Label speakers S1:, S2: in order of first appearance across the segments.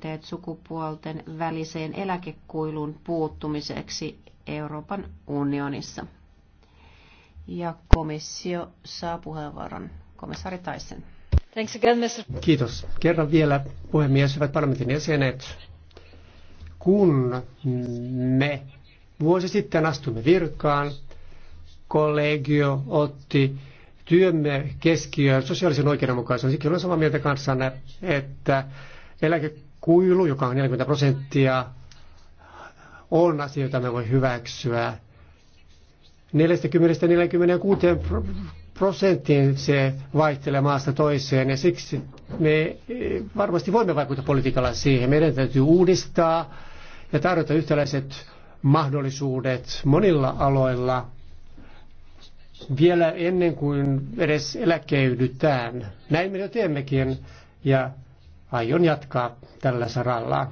S1: puitteet sukupuolten väliseen eläkekuiluun puuttumiseksi Euroopan unionissa. Ja komissio saa puheenvuoron. Komissaari Taisen. Thanks again, Mr.
S2: Kiitos. Kerran vielä puhemies, hyvät parlamentin jäsenet. Kun me vuosi sitten astumme virkaan, kollegio otti työmme keskiöön sosiaalisen oikeudenmukaisuuden. Siksi olen samaa mieltä kanssanne, että eläke kuilu, joka on 40 prosenttia, on asia, jota me voi hyväksyä. 40-46 prosenttiin se vaihtelee maasta toiseen ja siksi me varmasti voimme vaikuttaa politiikalla siihen. Meidän täytyy uudistaa ja tarjota yhtäläiset mahdollisuudet monilla aloilla vielä ennen kuin edes eläkeydytään. Näin me jo teemmekin ja aion jatkaa tällä saralla.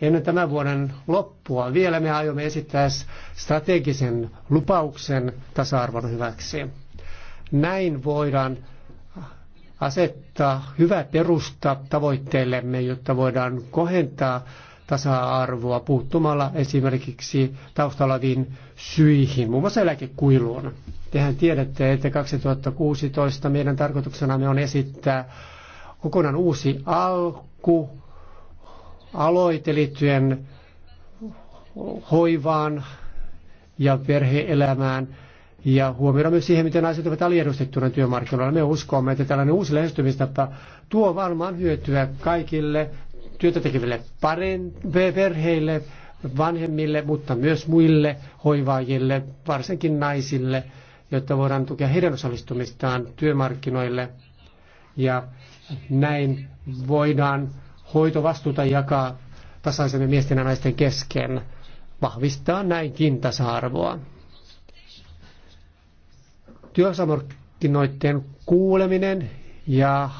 S2: Ennen tämän vuoden loppua vielä me aiomme esittää strategisen lupauksen tasa-arvon hyväksi. Näin voidaan asettaa hyvä perusta tavoitteillemme, jotta voidaan kohentaa tasa-arvoa puuttumalla esimerkiksi taustalaviin syihin, muun muassa eläkekuiluun. Tehän tiedätte, että 2016 meidän tarkoituksenamme on esittää kokonaan uusi alku, aloitelityön hoivaan ja perheelämään ja huomioida myös siihen, miten naiset ovat aliedustettuna työmarkkinoilla. Me uskomme, että tällainen uusi lähestymistapa tuo varmaan hyötyä kaikille työtä tekeville perheille, vanhemmille, mutta myös muille hoivaajille, varsinkin naisille, jotta voidaan tukea heidän osallistumistaan työmarkkinoille ja näin voidaan hoitovastuuta jakaa tasaisemmin miesten ja naisten kesken, vahvistaa näinkin tasa-arvoa. Työmarkkinoiden kuuleminen ja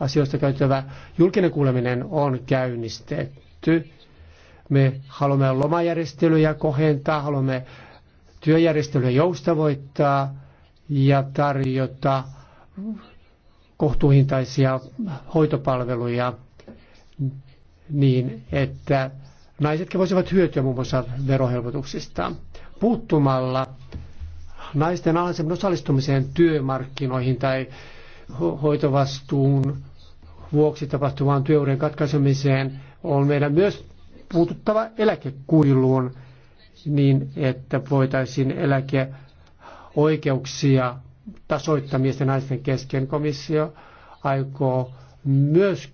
S2: asioista käytävä julkinen kuuleminen on käynnistetty. Me haluamme lomajärjestelyjä kohentaa, haluamme työjärjestelyjä joustavoittaa ja tarjota kohtuuhintaisia hoitopalveluja niin, että naisetkin voisivat hyötyä muun muassa verohelpotuksista. Puuttumalla naisten alhaisemmin osallistumiseen työmarkkinoihin tai hoitovastuun vuoksi tapahtuvaan työurien katkaisemiseen on meidän myös puututtava eläkekuiluun niin, että voitaisiin eläkeoikeuksia tasoittaa miesten ja naisten kesken. Komissio aikoo myös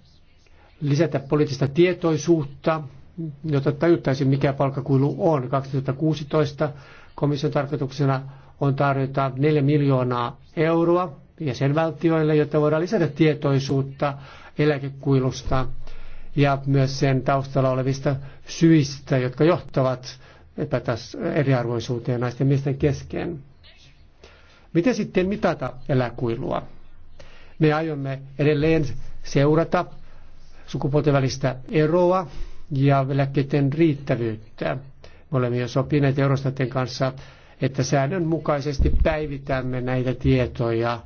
S2: lisätä poliittista tietoisuutta, jotta tajuttaisiin, mikä palkkakuilu on. 2016 komission tarkoituksena on tarjota 4 miljoonaa euroa jäsenvaltioille, jotta voidaan lisätä tietoisuutta eläkekuilusta ja myös sen taustalla olevista syistä, jotka johtavat epätas- eriarvoisuuteen naisten miesten kesken. Miten sitten mitata eläkuilua? Me aiomme edelleen seurata sukupuolten välistä eroa ja eläkkeiden riittävyyttä. Me olemme jo sopineet Eurostaten kanssa, että säännönmukaisesti päivitämme näitä tietoja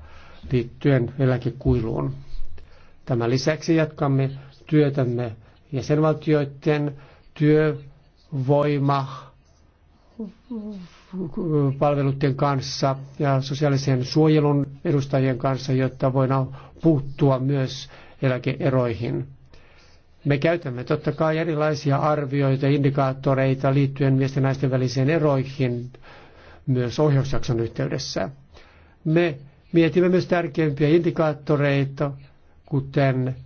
S2: liittyen eläkekuiluun. Tämän lisäksi jatkamme työtämme jäsenvaltioiden työvoima palveluiden kanssa ja sosiaalisen suojelun edustajien kanssa, jotta voidaan puuttua myös eläkeeroihin. Me käytämme totta kai erilaisia arvioita, indikaattoreita liittyen miesten ja naisten välisiin eroihin myös ohjausjakson yhteydessä. Me mietimme myös tärkeimpiä indikaattoreita, kuten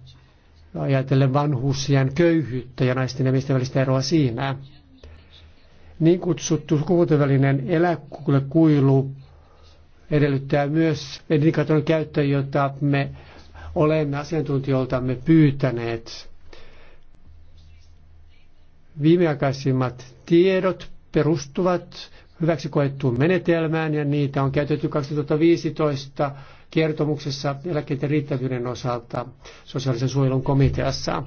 S2: ajatellen vanhuusien köyhyyttä ja naisten ja miesten välistä eroa siinä – niin kutsuttu sukupuolten eläkulle kuilu edellyttää myös indikaattorin käyttöä, jota me olemme asiantuntijoiltamme pyytäneet. Viimeaikaisimmat tiedot perustuvat hyväksi koettuun menetelmään ja niitä on käytetty 2015 kertomuksessa eläkkeiden riittävyyden osalta sosiaalisen suojelun komiteassa.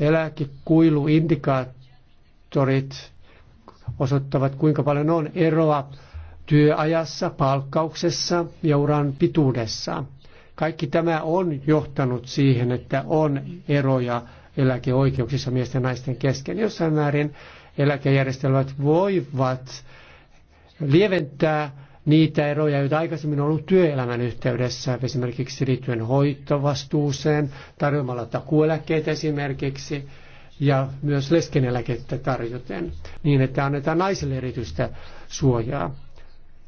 S2: Eläkekuiluindikaattorit osoittavat, kuinka paljon on eroa työajassa, palkkauksessa ja uran pituudessa. Kaikki tämä on johtanut siihen, että on eroja eläkeoikeuksissa miesten ja naisten kesken. Jossain määrin eläkejärjestelmät voivat lieventää niitä eroja, joita aikaisemmin on ollut työelämän yhteydessä, esimerkiksi liittyen hoitovastuuseen, tarjoamalla takuueläkkeet esimerkiksi, ja myös leskeneläkettä tarjoten, niin että annetaan naisille erityistä suojaa.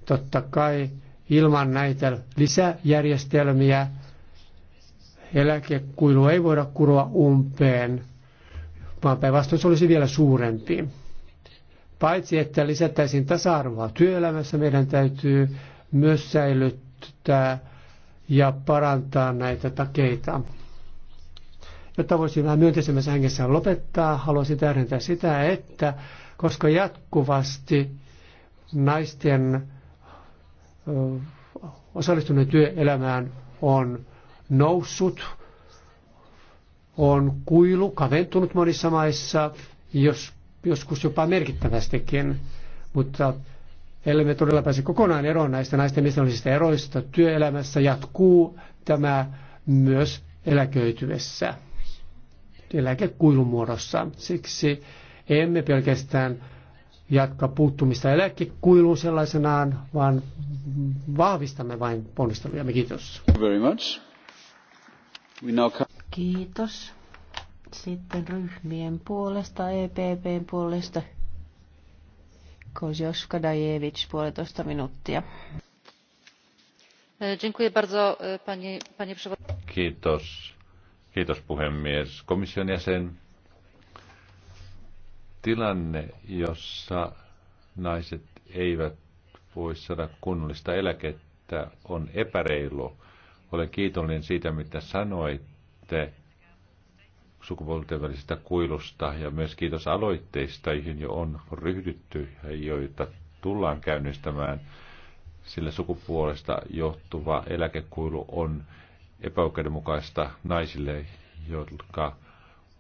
S2: Totta kai ilman näitä lisäjärjestelmiä eläkekuilu ei voida kuroa umpeen, vaan päinvastoin se olisi vielä suurempi. Paitsi että lisättäisiin tasa-arvoa työelämässä, meidän täytyy myös säilyttää ja parantaa näitä takeita jotta voisin vähän myönteisemmässä hengessä lopettaa, haluaisin tähdentää sitä, että koska jatkuvasti naisten osallistuminen työelämään on noussut, on kuilu kaventunut monissa maissa, jos, joskus jopa merkittävästikin, mutta ellei todella pääse kokonaan eroon näistä naisten mistä eroista työelämässä, jatkuu tämä myös eläköityessä eläkekuilun muodossa. Siksi emme pelkästään jatka puuttumista eläkekuiluun sellaisenaan, vaan vahvistamme vain ponnistelujamme. Kiitos.
S1: Very much. We now come... Kiitos. Sitten ryhmien puolesta, EPPn puolesta. Kozioska Dajewicz, puolitoista minuuttia. E, dziękuję bardzo, e, panie, panie
S3: Kiitos, Kiitos puhemies. Komission jäsen. Tilanne, jossa naiset eivät voi saada kunnollista eläkettä, on epäreilu. Olen kiitollinen siitä, mitä sanoitte sukupuolten välisestä kuilusta ja myös kiitos aloitteista, joihin jo on ryhdytty ja joita tullaan käynnistämään, sillä sukupuolesta johtuva eläkekuilu on epäoikeudenmukaista naisille, jotka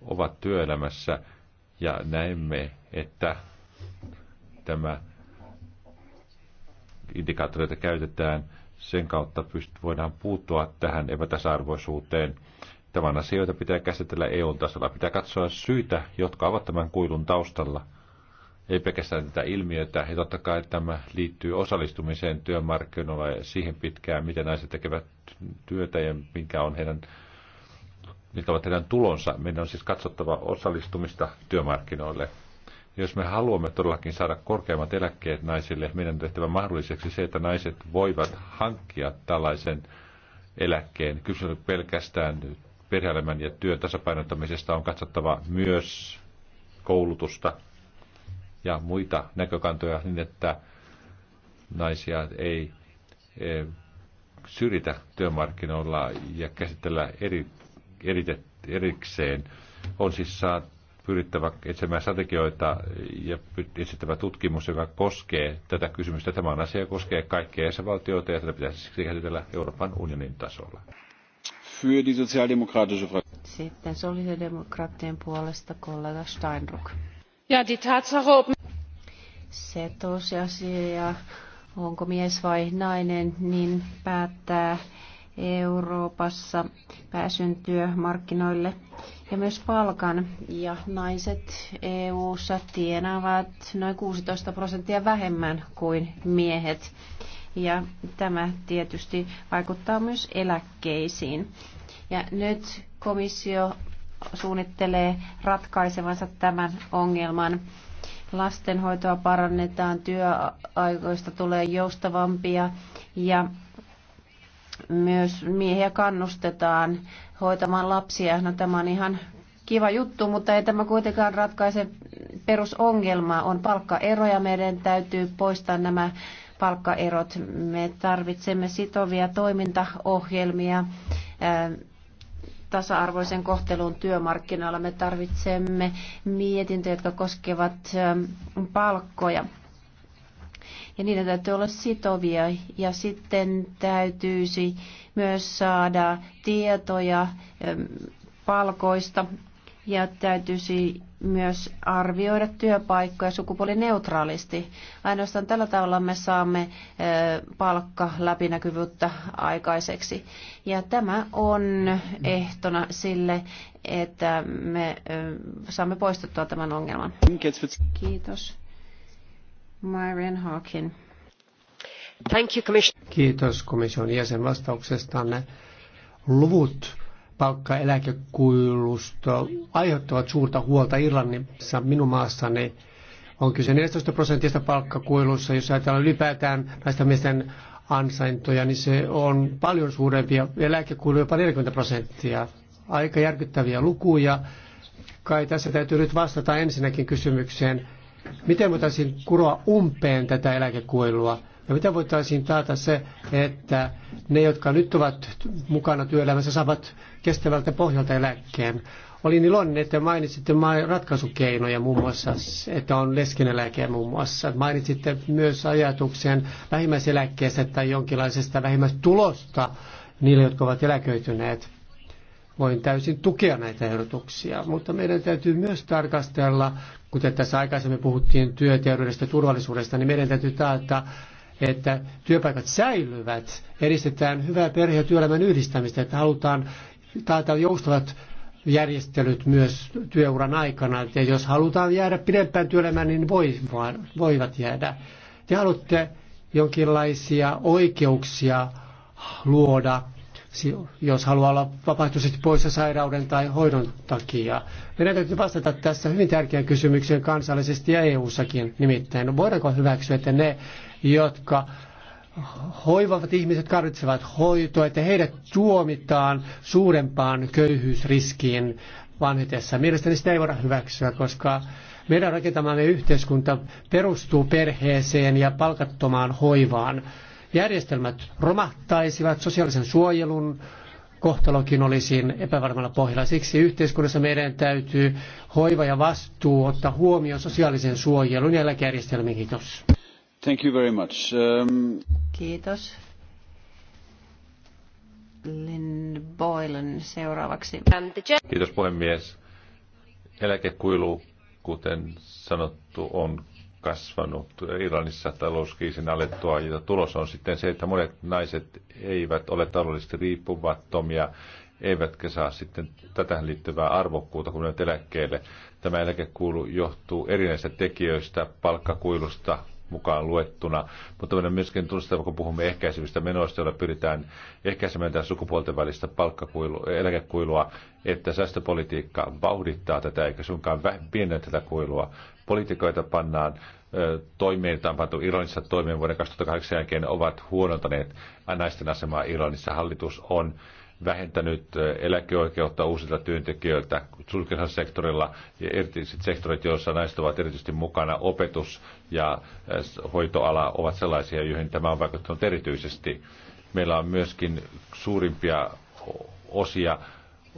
S3: ovat työelämässä. Ja näemme, että tämä indikaattoreita käytetään, sen kautta pyst- voidaan puuttua tähän epätasa-arvoisuuteen. Tämän asioita pitää käsitellä EU-tasolla. Pitää katsoa syitä, jotka ovat tämän kuilun taustalla – ei pelkästään tätä ilmiötä. Ja totta kai tämä liittyy osallistumiseen työmarkkinoilla ja siihen pitkään, miten naiset tekevät työtä ja minkä on heidän, mitkä ovat heidän tulonsa. Meidän on siis katsottava osallistumista työmarkkinoille. Jos me haluamme todellakin saada korkeammat eläkkeet naisille, meidän on tehtävä mahdolliseksi se, että naiset voivat hankkia tällaisen eläkkeen. Kyse pelkästään perheelämän ja työn tasapainottamisesta on katsottava myös koulutusta, ja muita näkökantoja niin, että naisia ei e, syrjitä työmarkkinoilla ja käsitellä eri, eritet, erikseen. On siis saa pyrittävä etsimään strategioita ja etsittävä tutkimus, joka koskee tätä kysymystä. Tämä on asia, joka koskee kaikkia jäsenvaltioita ja tätä pitäisi siksi käsitellä Euroopan unionin tasolla. Für die
S1: Sitten sosiaalidemokraattien puolesta kollega Steinruck. Ja, die Tatsache, ob... Se tosiasia, onko mies vai nainen, niin päättää Euroopassa pääsyn työmarkkinoille ja myös palkan. Ja naiset EU-ssa tienaavat noin 16 prosenttia vähemmän kuin miehet. Ja tämä tietysti vaikuttaa myös eläkkeisiin. Ja nyt komissio suunnittelee ratkaisevansa tämän ongelman. Lastenhoitoa parannetaan, työaikoista tulee joustavampia ja myös miehiä kannustetaan hoitamaan lapsia. No tämä on ihan kiva juttu, mutta ei tämä kuitenkaan ratkaise perusongelmaa. On palkkaeroja, meidän täytyy poistaa nämä palkkaerot. Me tarvitsemme sitovia toimintaohjelmia tasa-arvoisen kohteluun työmarkkinoilla. Me tarvitsemme mietintöjä, jotka koskevat ähm, palkkoja. Ja niiden täytyy olla sitovia ja sitten täytyisi myös saada tietoja ähm, palkoista ja täytyisi myös arvioida työpaikkoja sukupuolineutraalisti. Ainoastaan tällä tavalla me saamme palkka-läpinäkyvyyttä aikaiseksi. Ja tämä on ehtona sille, että me saamme poistettua tämän ongelman. Kiitos. Myrian Hawkin.
S2: Thank you, Kiitos komission jäsen vastauksestanne. Luvut palkkaeläkekuilusta aiheuttavat suurta huolta Irlannissa, minun maassani. On kyse 14 prosentista palkkakuilussa, jos ajatellaan ylipäätään näistä miesten ansaintoja, niin se on paljon suurempi ja eläkekuilu jopa 40 prosenttia. Aika järkyttäviä lukuja. Kai tässä täytyy nyt vastata ensinnäkin kysymykseen, miten voitaisiin kuroa umpeen tätä eläkekuilua. Ja miten voitaisiin taata se, että ne, jotka nyt ovat mukana työelämässä, saavat kestävältä pohjalta eläkkeen? Olin iloinen, että mainitsitte ratkaisukeinoja muun muassa, että on leskeneläke muun muassa. Mainitsitte myös ajatuksen vähimmäiseläkkeestä tai jonkinlaisesta vähimmäistulosta niille, jotka ovat eläköityneet. Voin täysin tukea näitä ehdotuksia, mutta meidän täytyy myös tarkastella, kuten tässä aikaisemmin puhuttiin työterveydestä ja turvallisuudesta, niin meidän täytyy taata että työpaikat säilyvät, edistetään hyvää perhe- ja työelämän yhdistämistä, että halutaan taata joustavat järjestelyt myös työuran aikana. Ja jos halutaan jäädä pidempään työelämään, niin voi, voivat jäädä. Te haluatte jonkinlaisia oikeuksia luoda jos haluaa olla vapaaehtoisesti poissa sairauden tai hoidon takia. Meidän täytyy vastata tässä hyvin tärkeän kysymykseen kansallisesti ja EU-sakin nimittäin. No voidaanko hyväksyä, että ne, jotka hoivavat ihmiset tarvitsevat hoitoa, että heidät tuomitaan suurempaan köyhyysriskiin vanhetessa. Mielestäni sitä ei voida hyväksyä, koska meidän rakentamamme yhteiskunta perustuu perheeseen ja palkattomaan hoivaan järjestelmät romahtaisivat, sosiaalisen suojelun kohtalokin olisi epävarmalla pohjalla. Siksi yhteiskunnassa meidän täytyy hoiva ja vastuu ottaa huomioon sosiaalisen suojelun ja eläkejärjestelmien. Kiitos. Thank
S1: you
S3: very much. Um...
S1: Kiitos. Lynn seuraavaksi. Kiitos
S3: puhemies. Eläkekuilu, kuten sanottu, on kasvanut Irlannissa talouskriisin alettua, ja tulos on sitten se, että monet naiset eivät ole taloudellisesti riippumattomia, eivätkä saa sitten tätähän liittyvää arvokkuutta, kun ne eläkkeelle. Tämä eläkekuulu johtuu erinäisistä tekijöistä, palkkakuilusta, mukaan luettuna. Mutta meidän myöskin tunnistettava, kun puhumme ehkäisevistä menoista, joilla pyritään ehkäisemään tätä sukupuolten välistä eläkekuilua, että säästöpolitiikka vauhdittaa tätä eikä suinkaan pienennä tätä kuilua. Poliitikoita pannaan toimeen, tämä on pantu Irlannissa toimeen vuoden 2008 jälkeen, ovat huonontaneet naisten asemaa Irlannissa. Hallitus on vähentänyt eläkeoikeutta uusilta työntekijöiltä julkisella sektorilla ja erityiset sektorit, joissa naiset ovat erityisesti mukana, opetus ja hoitoala ovat sellaisia, joihin tämä on vaikuttanut erityisesti. Meillä on myöskin suurimpia osia,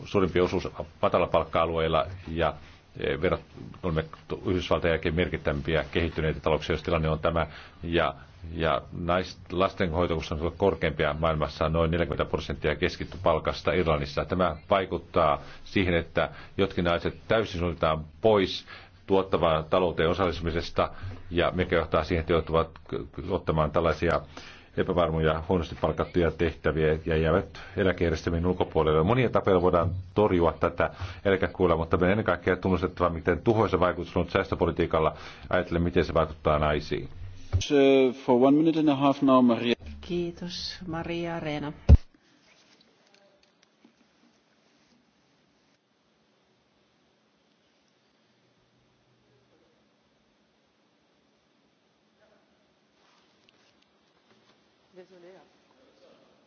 S3: suurimpia osuus matalapalkka-alueilla ja Eh, verot, olemme Yhdysvaltain jälkeen merkittävimpiä kehittyneitä talouksia, jos tilanne on tämä. Ja, ja lasten lastenhoitokustannukset ovat korkeampia maailmassa, noin 40 prosenttia keskitty palkasta Irlannissa. Tämä vaikuttaa siihen, että jotkin naiset täysin suljetaan pois tuottavaan talouteen osallistumisesta, ja mikä johtaa siihen, että joutuvat ottamaan tällaisia epävarmuja, huonosti palkattuja tehtäviä ja jäävät eläkejärjestelmien ulkopuolelle. Monia tapoja voidaan torjua tätä eläkekuilla, mutta meidän ennen kaikkea tunnustettava, miten tuhoisa vaikutus on säästöpolitiikalla. Ajattele, miten se vaikuttaa naisiin. Uh, for one minute and a half now, Maria.
S1: Kiitos, Maria Reena.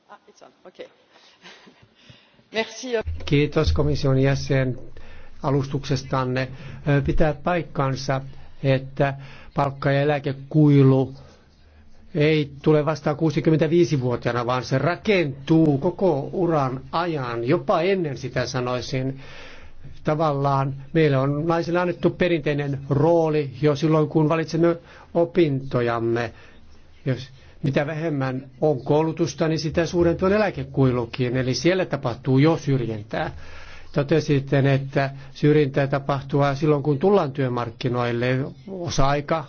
S3: Ah, euh.
S2: Kiitos komission jäsen alustuksestanne. Pitää paikkansa, että palkka- ja eläkekuilu ei tule vastaan 65-vuotiaana, vaan se rakentuu koko uran ajan, jopa ennen sitä sanoisin. Tavallaan meille on naisille annettu perinteinen rooli jo silloin, kun valitsemme opintojamme. Jos mitä vähemmän on koulutusta, niin sitä suurempi on eläkekuilukin. Eli siellä tapahtuu jo syrjintää. Totesitte, että syrjintää tapahtuu silloin, kun tullaan työmarkkinoille. Osa-aika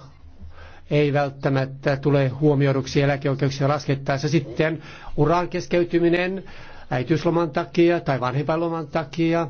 S2: ei välttämättä tule huomioiduksi eläkeoikeuksia laskettaessa. Sitten uran keskeytyminen äitiysloman takia tai vanhempainloman takia.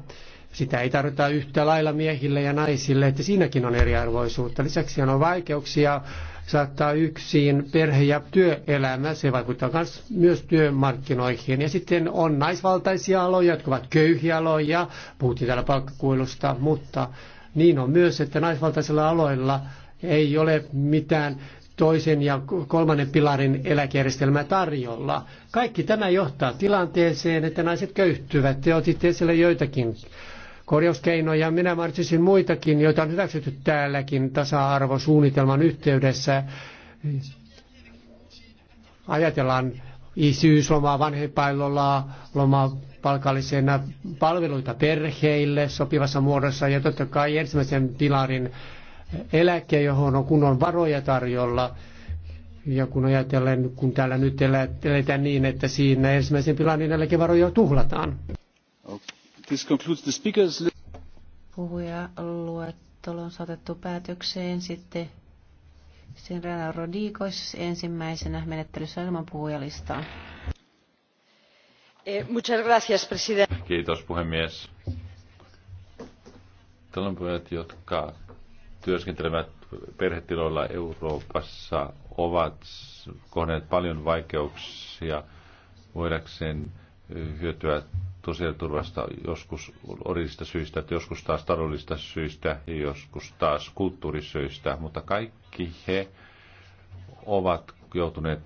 S2: Sitä ei tarvita yhtä lailla miehille ja naisille, että siinäkin on eriarvoisuutta. Lisäksi on vaikeuksia saattaa yksin perhe- ja työelämä, se vaikuttaa myös työmarkkinoihin. Ja sitten on naisvaltaisia aloja, jotka ovat köyhiä aloja, puhuttiin täällä palkkakuilusta, mutta niin on myös, että naisvaltaisilla aloilla ei ole mitään toisen ja kolmannen pilarin eläkejärjestelmä tarjolla. Kaikki tämä johtaa tilanteeseen, että naiset köyhtyvät. Te otitte esille joitakin korjauskeinoja. Minä mainitsisin muitakin, joita on hyväksytty täälläkin tasa-arvosuunnitelman yhteydessä. Ajatellaan isyyslomaa, vanhempainlomaa, loma palkallisena palveluita perheille sopivassa muodossa ja totta kai ensimmäisen pilarin eläke, johon on kunnon varoja tarjolla. Ja kun ajatellen, kun täällä nyt eletään niin, että siinä ensimmäisen pilarin eläkevaroja tuhlataan.
S3: Okay. This concludes the speakers.
S1: Puhuja luettelo on saatettu päätökseen. Sitten Sinrena Rodikos ensimmäisenä menettelyssä ilman puhujalistaa.
S3: Eh, muchas gracias, Kiitos puhemies. Talonpojat, jotka työskentelevät perhetiloilla Euroopassa, ovat kohdanneet paljon vaikeuksia voidakseen hyötyä sosiaaliturvasta joskus orillisista syistä, joskus taas taloudellisista syistä ja joskus taas kulttuurisyistä, mutta kaikki he ovat joutuneet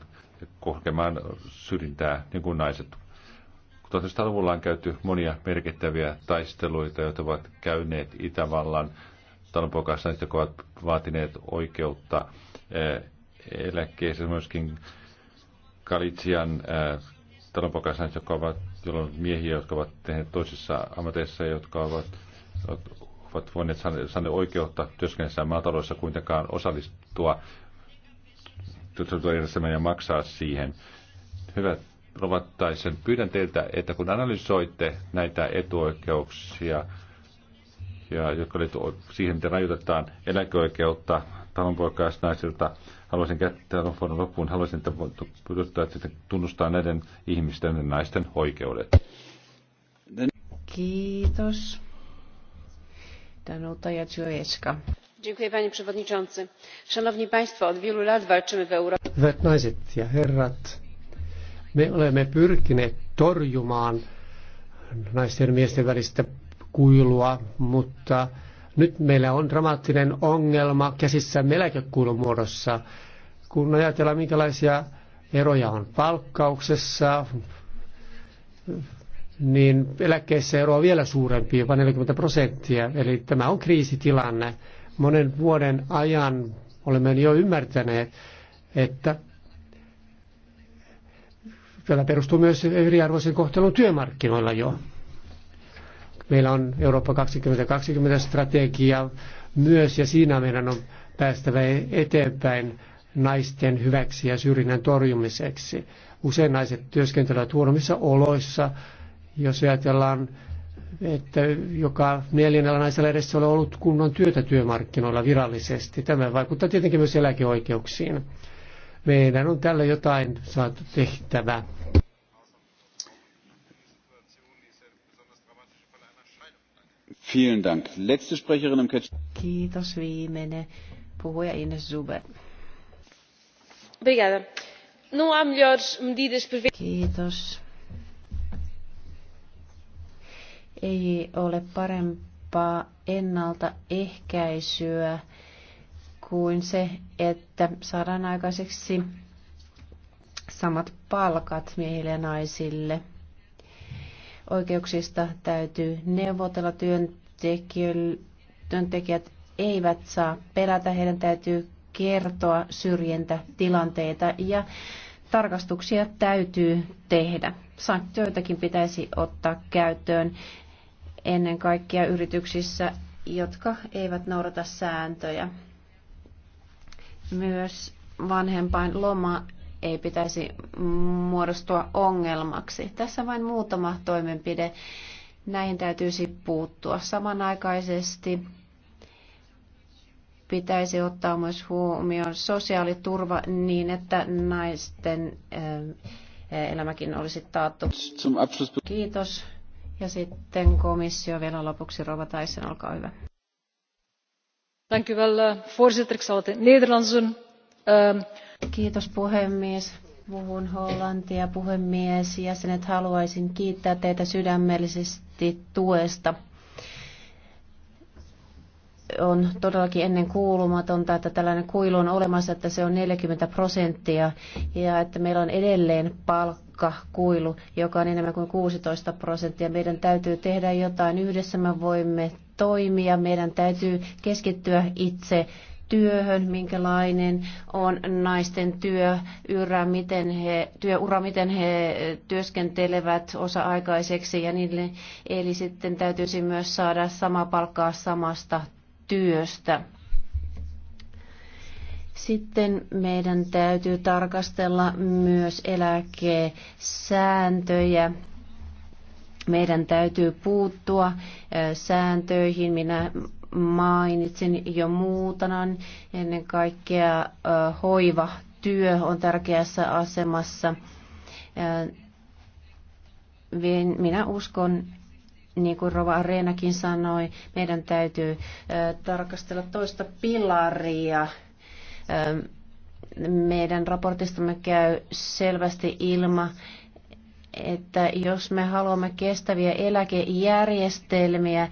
S3: kokemaan syrjintää, niin kuin naiset. 1900-luvulla on käyty monia merkittäviä taisteluita, joita ovat käyneet Itävallan talonpoikaisnaiset, jotka ovat vaatineet oikeutta eh, eläkkeeseen myöskin Galitsian eh, talonpoikaisena, jotka ovat, jolloin miehiä, jotka ovat tehneet toisissa ammateissa, jotka ovat, ovat voineet saaneet oikeutta työskennellä maataloissa kuitenkaan osallistua työttömyysjärjestelmään ja maksaa siihen. Hyvät Rovattaisen, pyydän teiltä, että kun analysoitte näitä etuoikeuksia, ja jotka liittyvät siihen, miten rajoitetaan eläkeoikeutta talonpoikaisnaisilta. Haluaisin käyttää vuoden loppuun, haluaisin, että tunnustaa näiden ihmisten ja naisten oikeudet.
S1: Kiitos. Danuta Jacioeska. Dziękuję panie przewodniczący. Szanowni państwo, od wielu lat walczymy w Europie.
S2: Hyvät naiset ja herrat, me olemme pyrkineet torjumaan naisten ja miesten välistä kuilua, mutta nyt meillä on dramaattinen ongelma käsissä eläkekuilun muodossa. Kun ajatellaan, minkälaisia eroja on palkkauksessa, niin eläkkeessä ero on vielä suurempi, jopa 40 prosenttia. Eli tämä on kriisitilanne. Monen vuoden ajan olemme jo ymmärtäneet, että tämä perustuu myös eriarvoisen kohtelun työmarkkinoilla jo. Meillä on Eurooppa 2020 strategia myös ja siinä meidän on päästävä eteenpäin naisten hyväksi ja syrjinnän torjumiseksi. Usein naiset työskentelevät huonommissa oloissa, jos ajatellaan, että joka neljännellä naisella edessä ole ollut kunnon työtä työmarkkinoilla virallisesti. Tämä vaikuttaa tietenkin myös eläkeoikeuksiin. Meidän on tällä jotain saatu tehtävä.
S3: Vielen Dank. Letzte Sprecherin im Catch.
S1: Kiitos viimeinen puhuja Ines Zuber. Obrigada. Não há melhores medidas Kiitos. Ei ole parempaa ennaltaehkäisyä kuin se, että saadaan aikaiseksi samat palkat miehille ja naisille – Oikeuksista täytyy neuvotella työntekijät eivät saa pelätä, heidän täytyy kertoa syrjintätilanteita ja tarkastuksia täytyy tehdä. Sanktioitakin pitäisi ottaa käyttöön ennen kaikkea yrityksissä, jotka eivät noudata sääntöjä. Myös vanhempain loma ei pitäisi muodostua ongelmaksi. Tässä vain muutama toimenpide. Näihin täytyisi puuttua. Samanaikaisesti pitäisi ottaa myös huomioon sosiaaliturva niin, että naisten eh, elämäkin olisi taattu. Kiitos. Ja sitten komissio vielä lopuksi. Rova Taisen, olkaa hyvä. Dank u wel, eh, voorzitter. Ik zal het in het Nederlands doen. Uh, Kiitos puhemies. Puhun hollantia puhemies. Jäsenet haluaisin kiittää teitä sydämellisesti tuesta. On todellakin ennen kuulumatonta, että tällainen kuilu on olemassa, että se on 40 prosenttia ja että meillä on edelleen palkkakuilu, joka on enemmän kuin 16 prosenttia. Meidän täytyy tehdä jotain yhdessä, me voimme toimia, meidän täytyy keskittyä itse työhön, minkälainen on naisten työura, miten he, työura, miten he työskentelevät osa-aikaiseksi ja niille. Eli sitten täytyisi myös saada sama palkkaa samasta työstä. Sitten meidän täytyy tarkastella myös eläkesääntöjä. Meidän täytyy puuttua sääntöihin. Minä mainitsin jo muutanan. Ennen kaikkea hoiva työ on tärkeässä asemassa. Minä uskon, niin kuin Rova Areenakin sanoi, meidän täytyy tarkastella toista pilaria. Meidän raportistamme käy selvästi ilma, että jos me haluamme kestäviä eläkejärjestelmiä,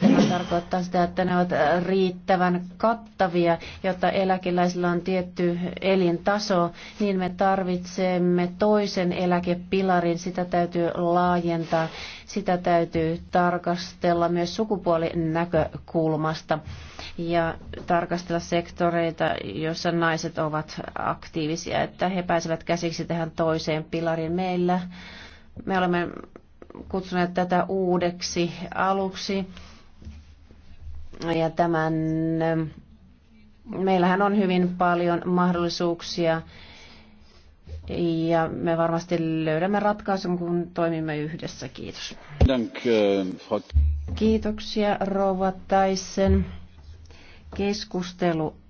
S1: Tämä tarkoittaa sitä, että ne ovat äh, riittävän kattavia, jotta eläkeläisillä on tietty elintaso, niin me tarvitsemme toisen eläkepilarin, sitä täytyy laajentaa, sitä täytyy tarkastella myös sukupuolinäkökulmasta ja tarkastella sektoreita, joissa naiset ovat aktiivisia, että he pääsevät käsiksi tähän toiseen pilariin. Meillä me olemme kutsuneet tätä uudeksi aluksi ja tämän, meillähän on hyvin paljon mahdollisuuksia ja me varmasti löydämme ratkaisun, kun toimimme yhdessä.
S3: Kiitos. Eh,
S1: Kiitoksia, rouva Taisen. Keskustelu